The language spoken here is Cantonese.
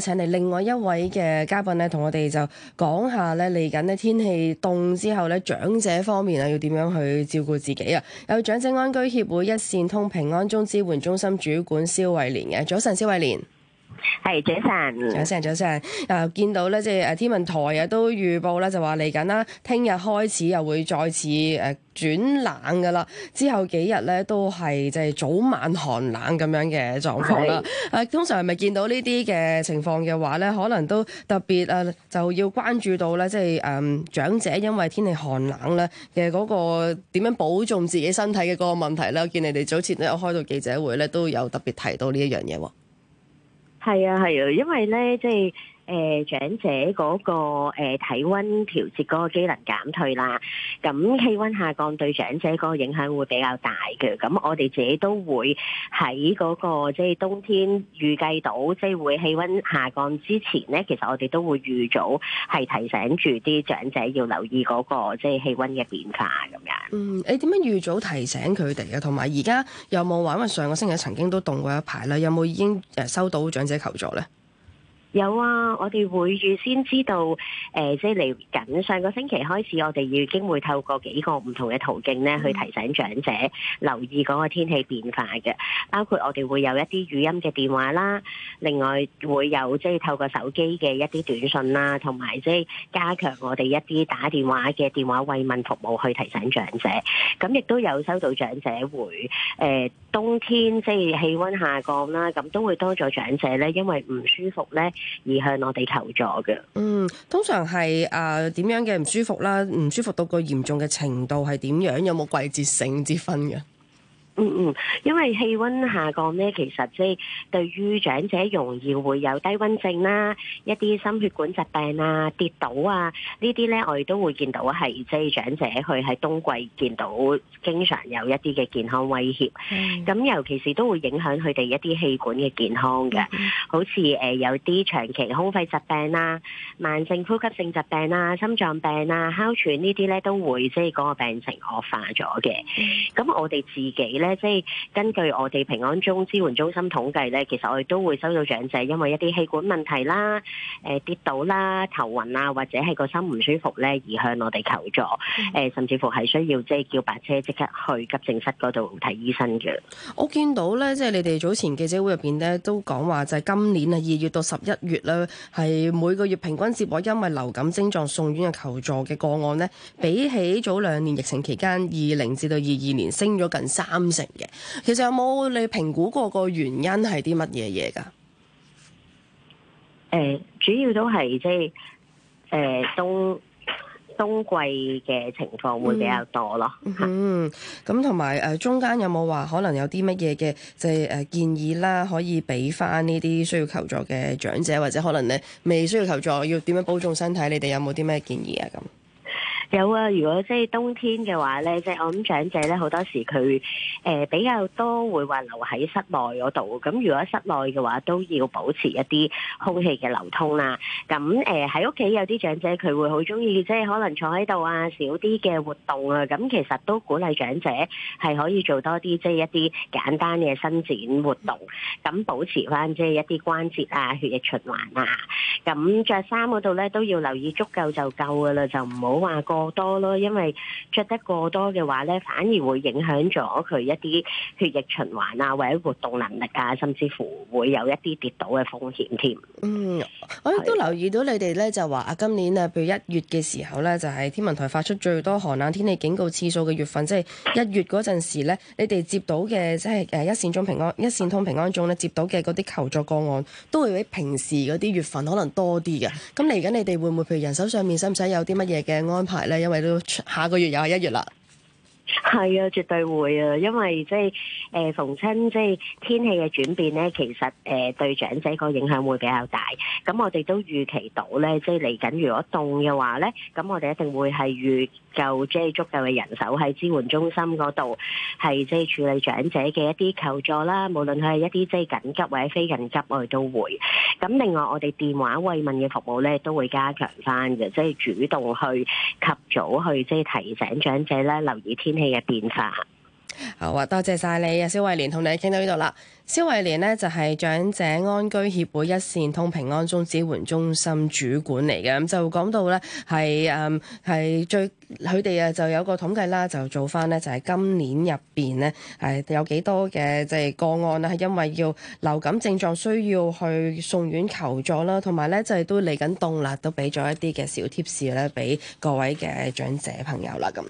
請嚟另外一位嘅嘉賓咧，同我哋就講下咧嚟緊咧天氣凍之後咧長者方面啊，要點樣去照顧自己啊？有長者安居協會一線通平安鐘支援中心主管蕭慧蓮嘅，早晨，蕭慧蓮。係早晨，早晨，早晨。啊，見到咧，即係誒，天文台啊都預報咧，就話嚟緊啦，聽日開始又會再次誒轉冷噶啦。之後幾日咧都係即係早晚寒冷咁樣嘅狀況啦。啊，通常係咪見到這些呢啲嘅情況嘅話咧，可能都特別、啊、就要關注到咧，即係誒長者因為天氣寒冷咧嘅嗰個點樣保重自己身體嘅嗰個問題咧。我見你哋早前咧有開到記者會咧都有特別提到呢一樣嘢。係啊，係啊，因為咧，即係。誒長者嗰個誒體溫調節嗰個機能減退啦，咁氣溫下降對長者嗰個影響會比較大嘅。咁我哋自己都會喺嗰個即係冬天預計到，即係會氣溫下降之前咧，其實我哋都會預早係提醒住啲長者要留意嗰個即係氣溫嘅變化咁樣。嗯，你點樣預早提醒佢哋啊？同埋而家有冇話，因為上個星期曾經都凍過一排啦，有冇已經收到長者求助咧？有啊，我哋會預先知道，誒、呃，即係嚟緊上個星期開始，我哋已經會透過幾個唔同嘅途徑咧、嗯，去提醒長者留意嗰個天氣變化嘅，包括我哋會有一啲語音嘅電話啦，另外會有即係透過手機嘅一啲短信啦，同埋即係加強我哋一啲打電話嘅電話慰問服務去提醒長者。咁亦都有收到長者回誒、呃、冬天即係氣溫下降啦，咁都會多咗長者咧，因為唔舒服咧。而向我哋求助嘅。嗯，通常係啊，呃，點樣嘅唔舒服啦，唔舒服到個嚴重嘅程度係點樣？有冇季節性之分嘅？嗯嗯，因為氣溫下降咧，其實即係對於長者容易會有低温症啦，一啲心血管疾病啊、跌倒啊這些呢啲咧，我哋都會見到係即係長者去喺冬季見到經常有一啲嘅健康威脅，咁尤其是都會影響佢哋一啲氣管嘅健康嘅，好似誒有啲長期胸肺疾病啦、啊、慢性呼吸性疾病啦、啊、心臟病啊、哮喘這些呢啲咧，都會即係嗰個病情惡化咗嘅。咁我哋自己咧。即係根據我哋平安中支援中心統計咧，其實我哋都會收到長者因為一啲氣管問題啦、誒、呃、跌倒啦、頭暈啊，或者係個心唔舒服咧而向我哋求助，誒、呃、甚至乎係需要即係叫白車即刻去急症室嗰度睇醫生嘅。我見到咧，即、就、係、是、你哋早前記者會入邊咧都講話就係今年啊二月到十一月咧，係每個月平均接獲因為流感症狀送院嘅求助嘅個案呢，比起早兩年疫情期間二零至到二二年升咗近三。嘅，其實有冇你評估過個原因係啲乜嘢嘢㗎？誒，主要都係即係誒冬冬季嘅情況會比較多咯。嗯，咁同埋誒中間有冇話可能有啲乜嘢嘅即係誒建議啦，可以俾返呢啲需要求助嘅長者或者可能咧未需要求助，要點樣保重身體？你哋有冇啲咩建議啊？咁。有啊，如果即係冬天嘅話咧，即、就、係、是、我諗長者咧好多時佢誒、呃、比較多會話留喺室內嗰度。咁如果室內嘅話，都要保持一啲空氣嘅流通啦。咁誒喺屋企有啲長者佢會好中意即係可能坐喺度啊，少啲嘅活動啊。咁其實都鼓勵長者係可以做多啲即係一啲、就是、簡單嘅伸展活動，咁保持翻即係一啲關節啊、血液循環啊。咁着衫嗰度咧都要留意足夠就夠噶啦，就唔好話過多咯，因為着得過多嘅話咧，反而會影響咗佢一啲血液循環啊，或者活動能力啊，甚至乎會有一啲跌倒嘅風險添。嗯，我亦都留意到你哋咧，就話啊，今年啊，譬如一月嘅時候咧，就係天文台發出最多寒冷天氣警告次數嘅月份，即係一月嗰陣時咧，你哋接到嘅即係誒一線中平安、一線通平安鐘咧，接到嘅嗰啲求助個案，都會比平時嗰啲月份可能多啲嘅。咁嚟緊你哋會唔會譬如人手上面使唔使有啲乜嘢嘅安排？咧，因為都下個月又係一月啦，係啊，絕對會啊，因為即係。誒逢親即係天氣嘅轉變咧，其實誒、呃、對長者個影響會比較大。咁我哋都預期到咧，即係嚟緊如果凍嘅話咧，咁我哋一定會係預夠即係足夠嘅人手喺支援中心嗰度，係即係處理長者嘅一啲求助啦。無論佢係一啲即係緊急或者非緊急，我哋都會。咁另外，我哋電話慰問嘅服務咧都會加強翻嘅，即係主動去及早去即係提醒長者咧留意天氣嘅變化。好啊，多謝晒你啊，蕭慧蓮同你傾到呢度啦。蕭慧蓮呢，就係長者安居協會一線通平安鐘支援中心主管嚟嘅，咁就講到呢，係誒係最佢哋啊就有個統計啦，就做翻呢，就係今年入邊呢，係有幾多嘅即係個案啦，係因為要流感症狀需要去送院求助啦，同埋呢，就係都嚟緊冬啦，都俾咗一啲嘅小貼士呢俾各位嘅長者朋友啦咁。